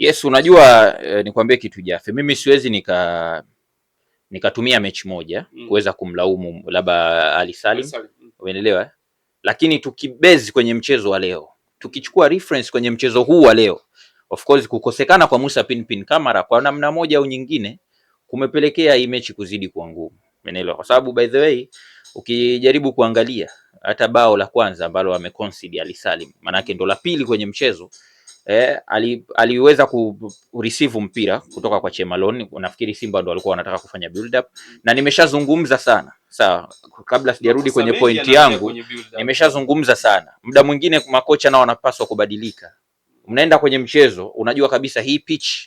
Yes, unajua eh, nikwambie kitu Jafe, mimi siwezi nika nikatumia mechi moja mm. kuweza kumlaumu labda Ali Salim, mm. umeelewa eh? Lakini tukibezi kwenye mchezo wa leo, tukichukua reference kwenye mchezo huu wa leo, of course kukosekana kwa Musa Pinpin Kamara kwa namna moja au nyingine kumepelekea hii mechi kuzidi kuwa ngumu, umeelewa? Kwa sababu by the way ukijaribu kuangalia hata bao la kwanza ambalo ameconcede Ali Salim, maanake ndo la pili kwenye mchezo eh, ali, aliweza ku receive mpira kutoka kwa Chemalon. Nafikiri Simba ndo walikuwa wanataka kufanya build up, na nimeshazungumza sana sawa, kabla sijarudi kwenye pointi yangu, nimeshazungumza sana. Muda mwingine makocha nao wanapaswa kubadilika. Mnaenda kwenye mchezo, unajua kabisa hii pitch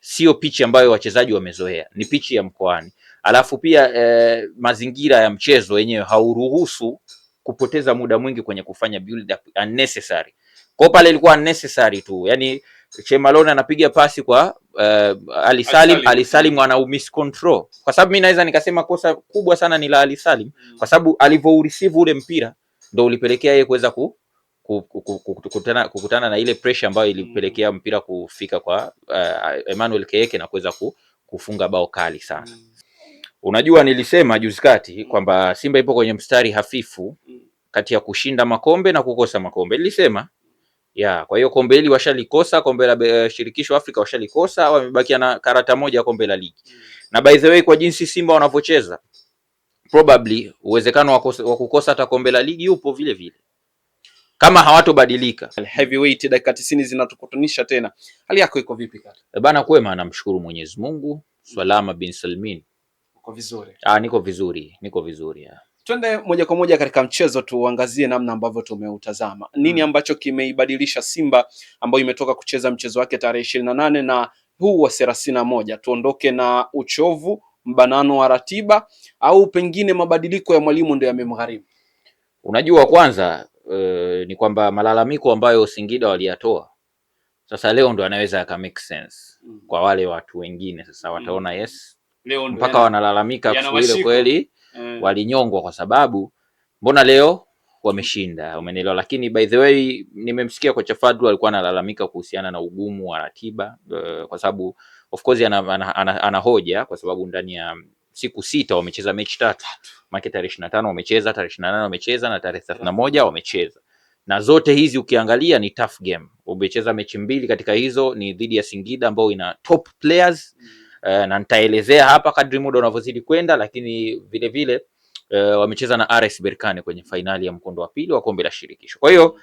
sio pitch ambayo wachezaji wamezoea, ni pitch ya mkoani. Alafu pia eh, mazingira ya mchezo yenyewe hauruhusu kupoteza muda mwingi kwenye kufanya build up unnecessary. Kwa pale ilikuwa necessary tu, yani Chemalone anapiga pasi kwa uh, Ali Salim. Ali Salim ana miscontrol, kwa sababu mimi naweza nikasema kosa kubwa sana ni la Ali Salim mm. kwa sababu alivyoreceive ule mpira ndo ulipelekea yeye kuweza ku, ku, ku, ku, ku, kukutana, kukutana na ile pressure ambayo ilipelekea mm. mpira kufika kwa uh, Emmanuel Keke na kuweza ku, kufunga bao kali sana mm. Unajua, nilisema juzi kati kwamba Simba ipo kwenye mstari hafifu mm. kati ya kushinda makombe na kukosa makombe. Nilisema ya kwa hiyo kombe hili washalikosa, kombe la eh, shirikisho Afrika washalikosa, wamebakia na karata moja ya kombe la ligi mm. na by the way, kwa jinsi Simba wanavyocheza probably uwezekano wa kukosa hata kombe la ligi upo vile vile kama hawatobadilika. Heavyweight, dakika tisini zinatukutanisha tena. Hali yako iko vipi kaka? Eh, bana, kwema, namshukuru Mwenyezi Mungu. Salama bin Salmin. Uko vizuri? Ah, niko vizuri, niko vizuri ya. Twende moja kwa moja katika mchezo tuangazie namna ambavyo tumeutazama, nini hmm. ambacho kimeibadilisha Simba ambayo imetoka kucheza mchezo wake tarehe ishirini na nane na huu wa thelathini na moja. Tuondoke na uchovu, mbanano wa ratiba, au pengine mabadiliko ya mwalimu ndio yamemgharimu? Unajua, kwanza e, ni kwamba malalamiko ambayo Singida waliyatoa sasa leo ndo anaweza aka make sense hmm. kwa wale watu wengine sasa wataona hmm. yes leo mpaka wanalalamika kweli kweli mm. walinyongwa kwa sababu mbona leo wameshinda, umenielewa? Lakini by the way, nimemsikia kocha Fadlu alikuwa analalamika kuhusiana na ugumu wa ratiba uh, kwa sababu of course ana, ana, ana, ana hoja kwa sababu ndani ya siku sita wamecheza mechi tatu, maana tarehe 25 wamecheza, tarehe 28 wamecheza na tarehe moja wamecheza, na zote hizi ukiangalia ni tough game. Umecheza mechi mbili katika hizo ni dhidi ya Singida ambao ina top players mm uh, na nitaelezea hapa kadri muda unavyozidi kwenda, lakini vile vile uh, wamecheza na RS Berkane kwenye fainali ya mkondo wa pili wa kombe la shirikisho. Kwa hiyo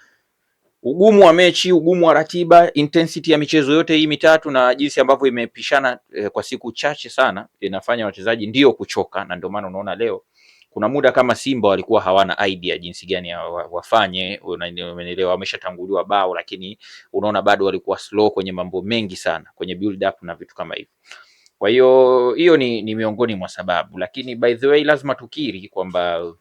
ugumu wa mechi, ugumu wa ratiba, intensity ya michezo yote hii mitatu na jinsi ambavyo imepishana uh, kwa siku chache sana inafanya wachezaji ndio kuchoka, na ndio maana unaona leo kuna muda kama Simba walikuwa hawana idea jinsi gani wafanye, unaelewa, wameshatanguliwa bao, lakini unaona bado walikuwa slow kwenye mambo mengi sana, kwenye build up na vitu kama hivyo. Kwa hiyo hiyo ni, ni miongoni mwa sababu, lakini by the way lazima tukiri kwamba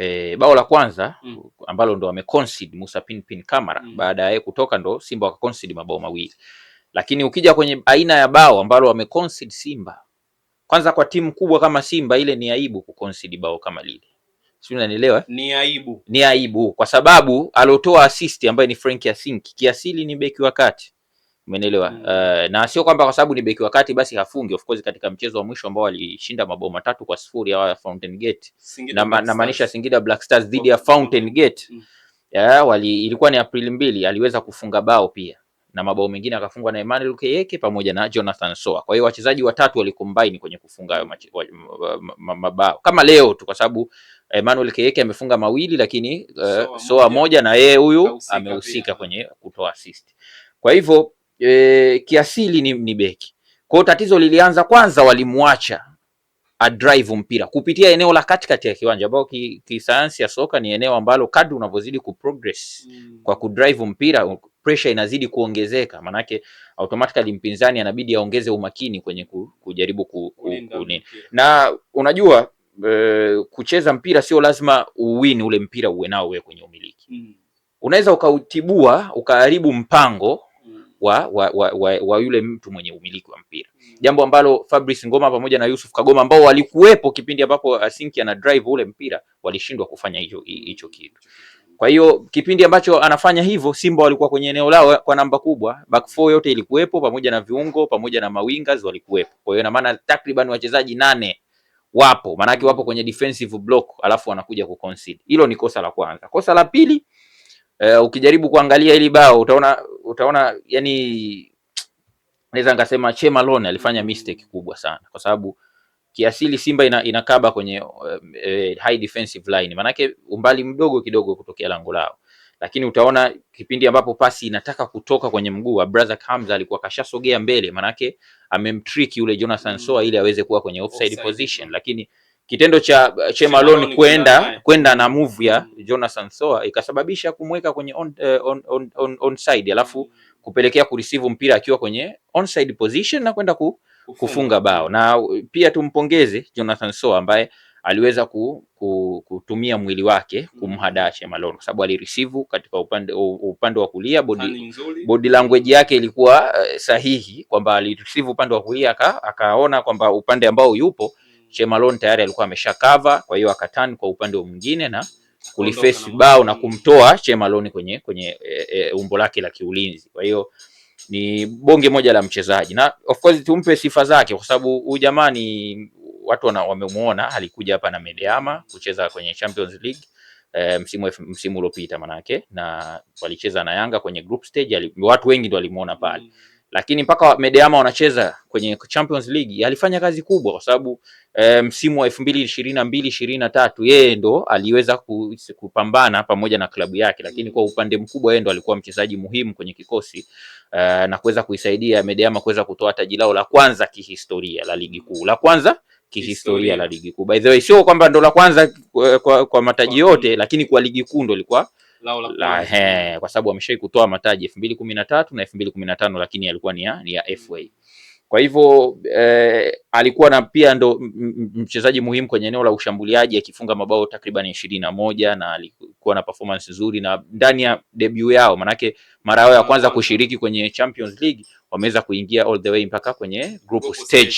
E, bao la kwanza mm. ambalo ndo concede Musa Pinpin Kamara mm. baada ya kutoka ndo Simba concede mabao mawili, lakini ukija kwenye aina ya bao ambalo concede Simba, kwanza kwa timu kubwa kama Simba ile ni aibu concede bao kama lile, si Unanielewa, ni aibu, ni aibu kwa sababu aliotoa assist ambaye ni Frank Asink kiasili ni beki wa kati Umeelewa? Uh, na sio kwamba kwa sababu ni beki wa kati basi hafungi. Of course katika mchezo wa mwisho ambao walishinda mabao matatu kwa sifuri hawa Fountain Gate, namaanisha na maanisha Singida Black Stars dhidi ya Fountain Gate mm. yeah, wali, ilikuwa ni Aprili mbili, aliweza kufunga bao pia na mabao mengine akafungwa na Emmanuel Keyeke pamoja na Jonathan Soa. Kwa hiyo wachezaji watatu walikombaini kwenye kufunga hayo mabao kama leo tu, kwa sababu Emmanuel Keyeke amefunga mawili, lakini uh, Soa moja na yeye huyu amehusika kwenye kutoa assist. Kwa hivyo e, kiasili ni, ni beki. Kwa hiyo tatizo lilianza kwanza, walimwacha drive mpira kupitia eneo la katikati ya kiwanja ambao kisayansi ki ya soka ni eneo ambalo kadri unavyozidi progress mm. kwa drive mpira pressure inazidi kuongezeka, manake automatically mpinzani anabidi aongeze umakini kwenye ku, kujaribu ku, ku, kunini. Na unajua e, kucheza mpira sio lazima uwin ule mpira uwe nao wewe kwenye umiliki mm. unaweza ukautibua ukaharibu mpango wa, wa, wa, wa, wa yule mtu mwenye umiliki wa mpira mm. Jambo ambalo Fabrice Ngoma pamoja na Yusuf Kagoma ambao walikuwepo kipindi ambapo Asinki ana drive ule mpira walishindwa kufanya hicho hicho kitu. Kwa hiyo kipindi ambacho anafanya hivyo, Simba walikuwa kwenye eneo lao kwa namba kubwa, back four yote ilikuwepo pamoja na viungo pamoja na mawingers walikuwepo. Kwa hiyo ina maana takriban wachezaji nane wapo, maanake wapo kwenye defensive block, alafu wanakuja kuconcede. Hilo ni kosa la kwanza. Kosa la pili, uh, ukijaribu kuangalia hili bao utaona utaona yani, naweza ngasema Che Malone alifanya mm-hmm. mistake kubwa sana, kwa sababu kiasili Simba ina, inakaba kwenye uh, high defensive line, maanake umbali mdogo kidogo kutokea lango lao, lakini utaona kipindi ambapo pasi inataka kutoka kwenye mguu wa brother Hamza alikuwa kashasogea mbele, maanake amemtrick yule Jonathan mm-hmm. Soa ili aweze kuwa kwenye offside, offside position lakini kitendo cha uh, Che kwenda kwenda na move ya Jonathan Soa ikasababisha kumweka kwenye on, uh, on, on, on, onside alafu kupelekea kureceive mpira akiwa kwenye onside position na kwenda ku, kufunga bao. Na uh, pia tumpongeze Jonathan Soa ambaye aliweza ku, ku, kutumia mwili wake mm. kumhadaa Che Malone kwa sababu alireceive katika upande upande wa kulia, body, body language yake ilikuwa sahihi kwamba alireceive upande wa kulia akaona kwamba upande ambao yupo Che tayari alikuwa amesha cover, kwa hiyo akatani kwa upande mwingine na kuliface bao na kumtoa Che kwenye, kwenye e, e, umbo lake la kiulinzi. Kwa hiyo ni bonge moja la mchezaji na of course tumpe sifa zake kwa sababu huyu jamaa ni watu wamemuona, alikuja hapa na Medeama kucheza kwenye Champions League e, msimu msimu uliopita manake, na walicheza na Yanga kwenye group stage, watu wengi ndio walimuona pale mm lakini mpaka Medeama wanacheza kwenye Champions League alifanya kazi kubwa, kwa sababu e, msimu wa elfu mbili ishirini na mbili ishirini na tatu yeye ndo aliweza kupambana pamoja na klabu yake, lakini kwa upande mkubwa yeye ndo alikuwa mchezaji muhimu kwenye kikosi e, na kuweza kuisaidia Medeama kuweza kutoa taji lao la kwanza kihistoria la ligi kuu la kwanza kihistoria la ligi kuu. By the way, sio kwamba ndo la kwanza kwa, eh, kwa, kwa mataji yote, lakini kwa ligi kuu ndo ilikuwa lao la he, kwa sababu ameshai kutoa mataji elfu mbili kumi na tatu na elfu mbili kumi na tano lakini yalikuwa ni ya, ni ya FA. Mm. Kwa hivyo eh, alikuwa na pia ndo mchezaji muhimu kwenye eneo la ushambuliaji akifunga mabao takriban ishirini na moja na alikuwa na performance nzuri na ndani ya debut yao, manake mara yao ya kwanza kushiriki kwenye Champions League wameweza kuingia all the way mpaka kwenye group stage.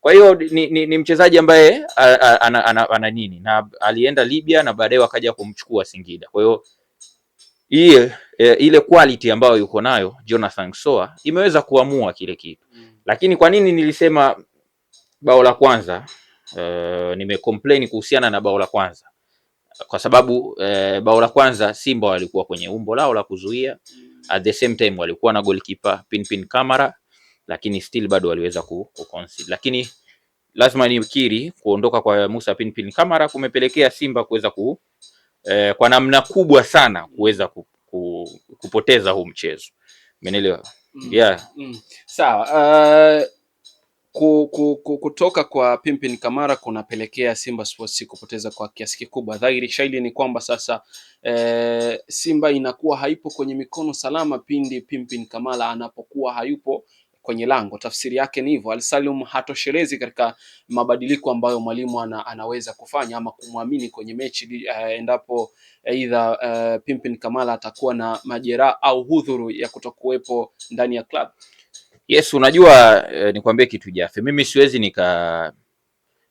Kwa hiyo ni, ni, ni mchezaji ambaye ana, ana, ana, ana nini na alienda Libya na baadaye wakaja kumchukua Singida. Kwa hiyo ile eh, ile quality ambayo yuko nayo Jonathan Soa imeweza kuamua kile kitu mm. Lakini kwa nini nilisema bao la kwanza e, nimecomplain kuhusiana na bao la kwanza kwa sababu e, bao la kwanza Simba walikuwa kwenye umbo lao la kuzuia mm. At the same time walikuwa na goalkeeper Pinpin Kamara, lakini still bado waliweza ku concede, lakini lazima nikiri kuondoka kwa Musa Pinpin Kamara kumepelekea Simba kuweza ku eh, kwa namna kubwa sana kuweza ku, ku, kupoteza huu mchezo. Umenielewa? mm. yeah. mm. Sawa. Uh... Kutoka kwa Pimpin Kamara kunapelekea Simba Sports kupoteza kwa kiasi kikubwa. Dhahiri shaili ni kwamba sasa e, Simba inakuwa haipo kwenye mikono salama pindi Pimpin Kamara anapokuwa hayupo kwenye lango. Tafsiri yake ni hivyo, Alsalum hatoshelezi katika mabadiliko ambayo mwalimu ana, anaweza kufanya ama kumwamini kwenye mechi uh, endapo aidha uh, eh, eh, Pimpin Kamala atakuwa na majeraha au hudhuru ya kutokuwepo ndani ya club. Yes, unajua eh, nikwambie kitu Jafe, mimi siwezi nika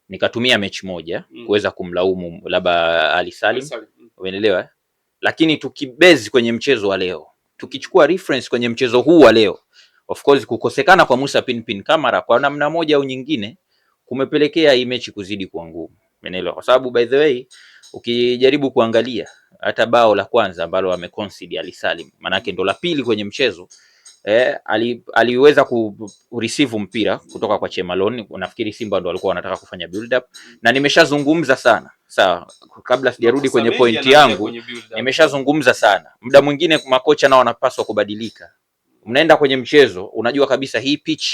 nikatumia mechi moja mm. kuweza kumlaumu labda Ali Salim, mm. umeelewa? Lakini tukibezi kwenye mchezo wa leo, tukichukua reference kwenye mchezo huu wa leo Of course kukosekana kwa Musa Pinpin Kamara kwa namna moja au nyingine kumepelekea hii mechi kuzidi kuwa ngumu, umeelewa? Kwa sababu by the way ukijaribu kuangalia hata bao la kwanza ambalo ameconcede alisalim, Salim, manake ndo la pili kwenye mchezo eh, ali, aliweza ku receive mpira kutoka kwa Chemalon. Nafikiri Simba ndo walikuwa wanataka kufanya build up, na nimeshazungumza sana sawa, kabla sijarudi kwenye pointi yangu, nimeshazungumza sana. Muda mwingine makocha nao wanapaswa kubadilika mnaenda kwenye mchezo, unajua kabisa hii pitch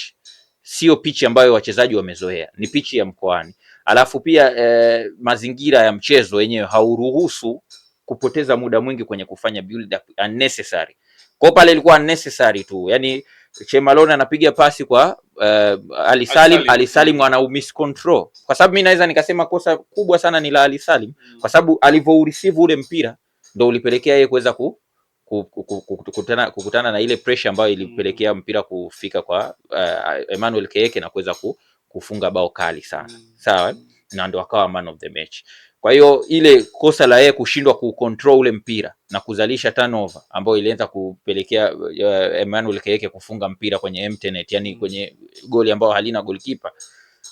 sio pitch ambayo wachezaji wamezoea, ni pitch ya mkoani. Alafu pia e, mazingira ya mchezo yenyewe hauruhusu kupoteza muda mwingi kwenye kufanya build up unnecessary. Kwa pale ilikuwa unnecessary tu, yani Chemalona anapiga pasi kwa uh, Ali Salim. Ali Salim ana miscontrol, kwa sababu mimi naweza nikasema kosa kubwa sana ni la Ali Salim, kwa sababu alivyoreceive ule mpira ndo ulipelekea yeye kuweza ku kukutana, kukutana na ile pressure ambayo ilipelekea mm. mpira kufika kwa uh, Emmanuel Keke na kuweza kufunga bao kali sana mm. Sawa, na ndo akawa man of the match. Kwa hiyo ile kosa la yeye kushindwa kucontrol ule mpira na kuzalisha turnover ambayo ilianza kupelekea uh, Emmanuel Keke kufunga mpira kwenye mtenet, e yani mm. kwenye goli ambayo halina goalkeeper.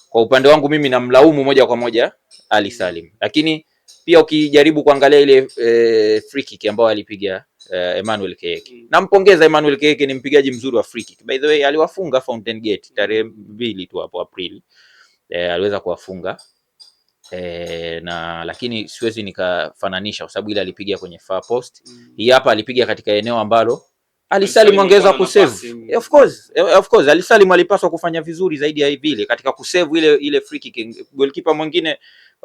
Kwa upande wangu mimi namlaumu moja kwa moja Ali mm. Salim, lakini pia ukijaribu kuangalia ile eh, free kick ambayo alipiga uh, Emmanuel Keke mm. Nampongeza Emmanuel Keke, ni mpigaji mzuri wa free kick. By the way, aliwafunga Fountain Gate mm. tarehe mbili tu hapo Aprili eh, aliweza kuwafunga eh, na lakini siwezi nikafananisha kwa sababu ile alipiga kwenye far post mm. Hii hapa alipiga katika eneo ambalo Alisalim angeweza kusave. Of course, of course Alisalim alipaswa kufanya vizuri zaidi ya vile katika kusave ile ile free kick. Goalkeeper mwingine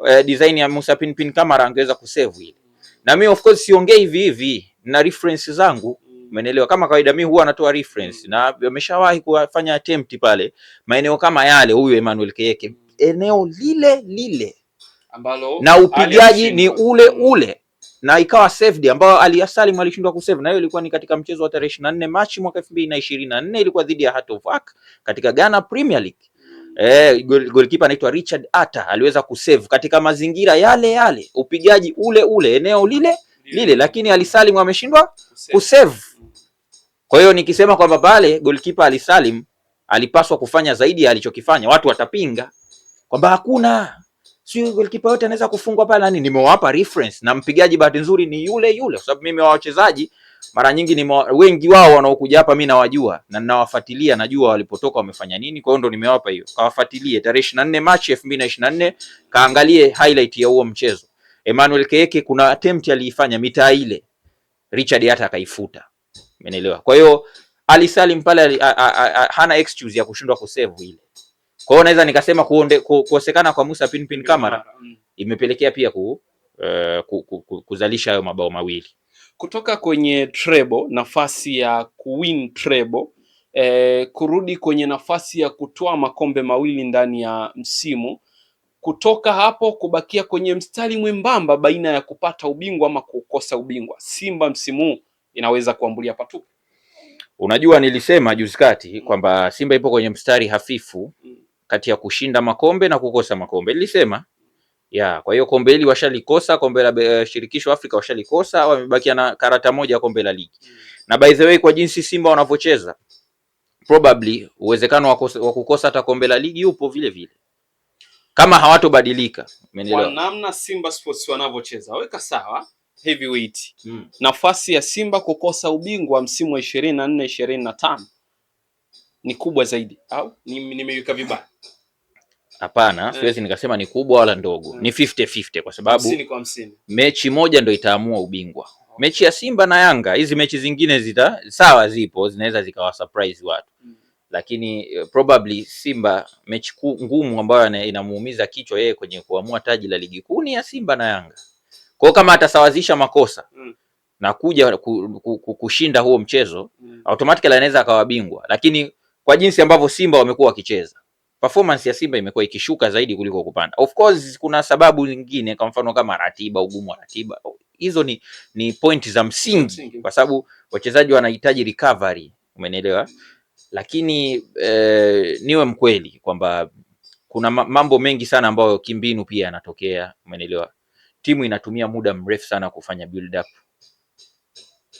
eh, design ya Musa Pinpin Kamara angeweza kusave ile. Mm. Na mimi of course siongei hivi hivi na reference zangu mm. Umeelewa? Kama kawaida mimi huwa natoa reference mm. na wameshawahi kufanya attempt pale maeneo kama yale, huyu Emmanuel Keke eneo lile lile ambalo na upigaji ni ule mm. ule na ikawa saved, ambayo Ali Salim alishindwa kusave, na hiyo ilikuwa ni katika mchezo wa tarehe 24 Machi mwaka 2024, ilikuwa dhidi ya Hearts of Oak katika Ghana Premier League. Eh, goalkeeper anaitwa Richard Atta aliweza kusave katika mazingira yale yale, upigaji ule ule, eneo lile lile, lakini Ali ameshindwa kusave. Kwa hiyo nikisema kwamba pale goalkeeper Ali alipaswa kufanya zaidi ya alichokifanya, watu watapinga kwamba hakuna sio goalkeeper yote anaweza kufungwa pale. Nani nimewapa reference, na mpigaji bahati nzuri ni yule yule, kwa sababu mimi wa wachezaji mara nyingi ni wengi wao wanaokuja hapa mimi nawajua na ninawafuatilia, najua walipotoka wamefanya nini. Kwa hiyo ndo nimewapa hiyo, kawafuatilie tarehe 24 Machi 2024, kaangalie highlight ya huo mchezo. Emmanuel Keke kuna attempt aliifanya mitaa ile Richard hata akaifuta, umeelewa? Kwa hiyo Ali Salim pale hana excuse ya kushindwa kusave ile. Kwa hiyo naweza nikasema kukosekana kwa Musa Pinpin Kamara mm. imepelekea pia ku, uh, ku, ku, ku, kuzalisha hayo mabao mawili kutoka kwenye treble, nafasi ya kuwin treble eh, kurudi kwenye nafasi ya kutoa makombe mawili ndani ya msimu kutoka hapo kubakia kwenye mstari mwembamba baina ya kupata ubingwa ama kukosa ubingwa. Simba msimu inaweza kuambulia patupu. Unajua, nilisema juzi kati kwamba Simba ipo kwenye mstari hafifu kati ya kushinda makombe na kukosa makombe, nilisema ya. Kwa hiyo kombe hili washalikosa, kombe la shirikisho Afrika washalikosa, wamebakia na karata moja ya kombe la ligi mm. Na by the way, kwa jinsi Simba wanavyocheza probably uwezekano wa kukosa hata kombe la ligi upo vile vile kama hawatobadilika. Umeelewa? Kwa namna Simba Sports wanavyocheza, weka sawa Heavyweight hmm. Nafasi ya Simba kukosa ubingwa msimu wa 24 25 ni kubwa zaidi au nimeweka ni vibaya? Hapana, eh. siwezi nikasema ni kubwa wala ndogo hmm. Ni 50-50 kwa sababu kwa mechi moja ndo itaamua ubingwa mechi ya Simba na Yanga. Hizi mechi zingine zita sawa, zipo zinaweza zikawa surprise watu hmm lakini eh, probably Simba mechi ngumu ambayo inamuumiza kichwa yeye kwenye kuamua taji la ligi kuu ni ya Simba na Yanga. Kwa kama atasawazisha makosa mm. na kuja kushinda huo mchezo mm. automatically anaweza akawa bingwa, lakini kwa jinsi ambavyo Simba wamekuwa wakicheza performance ya Simba imekuwa ikishuka zaidi kuliko kupanda. Of course kuna sababu nyingine, kwa mfano kama ratiba, ugumu wa ratiba. Hizo ni, ni pointi za msingi, kwa sababu wachezaji wanahitaji recovery, umenielewa? lakini eh, niwe mkweli kwamba kuna mambo mengi sana ambayo kimbinu pia yanatokea. Umeelewa, timu inatumia muda mrefu sana kufanya build up,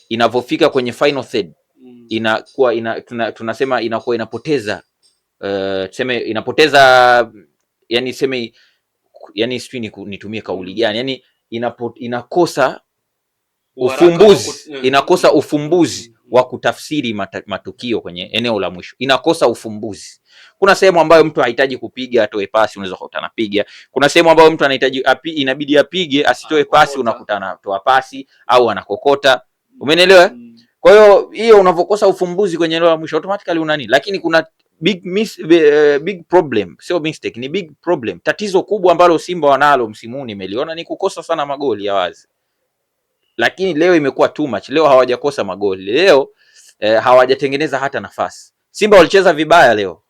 inavyofika kwenye final third mm. inakuwa ina, tuna, tunasema inakuwa inapoteza uh, inapoteza yani seme yani sijui nitumie kauli mm. gani yani inapo, inakosa ufumbuzi eh. inakosa ufumbuzi wa kutafsiri matukio kwenye eneo la mwisho inakosa ufumbuzi. Kuna sehemu ambayo mtu hahitaji kupiga atoe pasi, unaweza kukuta anapiga. Kuna sehemu ambayo mtu anahitaji api, inabidi apige asitoe pasi, unakuta anatoa pasi au anakokota. Umeelewa? Eh? Mm. Kwa hiyo hiyo unavyokosa ufumbuzi kwenye eneo la mwisho automatically una nini, lakini kuna big miss, eh, big problem sio mistake, ni big problem. Tatizo kubwa ambalo Simba wanalo msimu huu nimeliona ni kukosa sana magoli ya wazi lakini leo imekuwa too much. Leo hawajakosa magoli leo eh, hawajatengeneza hata nafasi. Simba walicheza vibaya leo,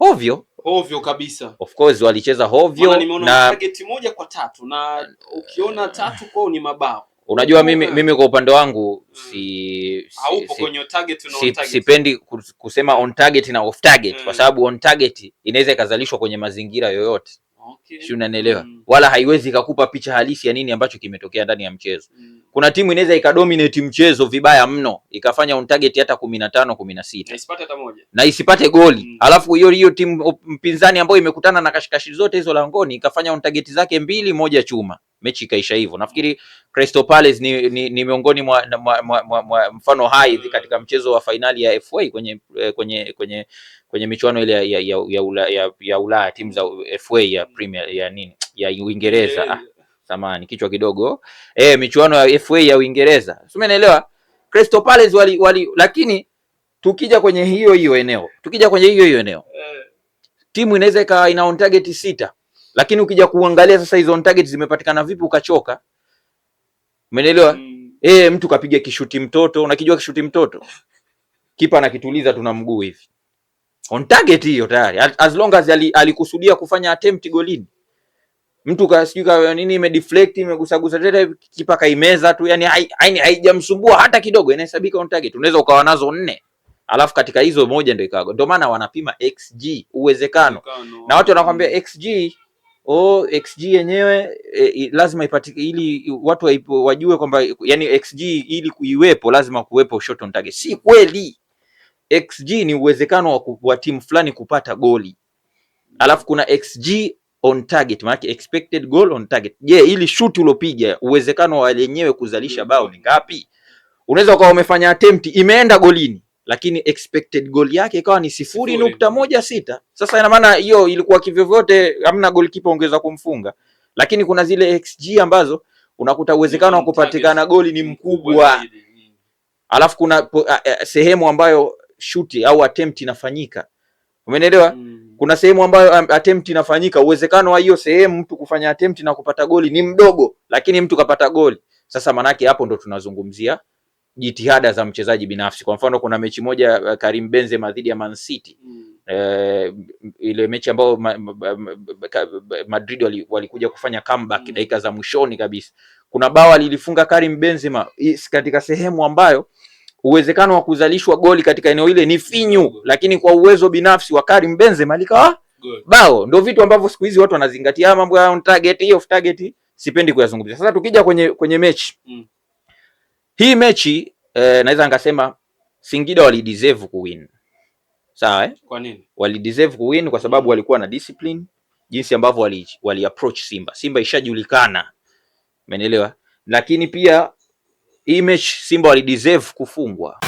ovyo ovyo kabisa. Of course walicheza hovyo na target moja kwa tatu, na ukiona eh. tatu kwao ni mabao. Unajua mimi, eh. mimi kwa upande wangu si hmm. sipendi si, si, target si kusema on target na off target mm. Kwa hmm. sababu on target inaweza ikazalishwa kwenye mazingira yoyote okay. Si unanielewa mm. Wala haiwezi ikakupa picha halisi ya nini ambacho kimetokea ndani ya mchezo mm kuna timu inaweza ikadominate mchezo vibaya mno ikafanya on target hata kumi na tano kumi na sita na isipate goli mm. Alafu hiyo hiyo timu mpinzani ambayo imekutana na kashikashi zote hizo langoni ikafanya on target zake mbili moja chuma, mechi ikaisha hivyo. Nafikiri Crystal Palace ni, ni, ni miongoni mwa, mwa, mwa, mwa, mwa mfano hai mm. katika mchezo wa fainali ya FA kwenye eh, kwenye kwenye kwenye michuano ile ya, ya, ya, ya Ulaya ya, ya Ulaya timu za FA ya mm. Premier ya nini ya Uingereza yeah, yeah samani kichwa kidogo eh, michuano ya FA ya Uingereza, sio umeelewa? Crystal Palace wali, wali, lakini tukija kwenye hiyo hiyo eneo tukija kwenye hiyo hiyo eneo timu inaweza ikawa ina on target sita, lakini ukija kuangalia sasa hizo on target zimepatikana vipi, ukachoka. Umeelewa? mm. Eh, mtu kapiga kishuti mtoto, unakijua kishuti mtoto kipa anakituliza, tuna mguu hivi on target hiyo tayari, as long as alikusudia ali kufanya attempt golini mtu ka sijui ka nini imedeflect imegusagusa tena kipa kaimeza tu, yani haijamsumbua hata kidogo, inahesabika on target. Unaweza ukawa nazo nne alafu katika hizo moja ndio ikawa, Ndio maana wanapima xG uwezekano, na watu wanakuambia xG o oh, xG yenyewe eh, lazima ipatike ili watu waipo, wajue kwamba yani xG ili kuiwepo lazima kuwepo shot on target. Si kweli, xG ni uwezekano wa, wa timu fulani kupata goli alafu kuna xG on target, maana expected goal on target. Je, ili shoot ulopiga uwezekano wa lenyewe kuzalisha bao ni ngapi? Unaweza ukawa umefanya attempt imeenda golini, lakini expected goal yake ikawa ni sifuri nukta moja sita. Sasa ina maana hiyo ilikuwa kivyovyote, hamna goalkeeper ongeza kumfunga, lakini kuna zile xG ambazo unakuta uwezekano wa kupatikana goli ni mkubwa, alafu kuna uh, uh, sehemu ambayo shuti au attempt inafanyika, umeelewa? Mm kuna sehemu ambayo attempt inafanyika, uwezekano wa hiyo sehemu mtu kufanya attempt na kupata goli ni mdogo, lakini mtu kapata goli. Sasa manake hapo ndo tunazungumzia jitihada za mchezaji binafsi. Kwa mfano, kuna mechi moja Karim Benzema dhidi ya Man City mm. E, ile mechi ambayo ma, ma, ma, Madrid walikuja wali kufanya comeback mm. dakika za mwishoni kabisa, kuna bao alilifunga Karim Benzema katika sehemu ambayo uwezekano wa kuzalishwa goli katika eneo ile ni finyu, lakini kwa uwezo binafsi wa Karim Benzema likawa bao. Ndio vitu ambavyo siku hizi watu wanazingatia mambo ya on target, off target, sipendi kuyazungumzia. Sasa tukija kwenye kwenye mechi mm. hii mechi eh, naweza ngasema Singida ku win sawa eh? Kwa nini ku win? Kwa sababu walikuwa na discipline jinsi ambavyo wali, wali approach Simba. Simba ishajulikana, umeelewa, lakini pia hii mechi Simba walideserve kufungwa.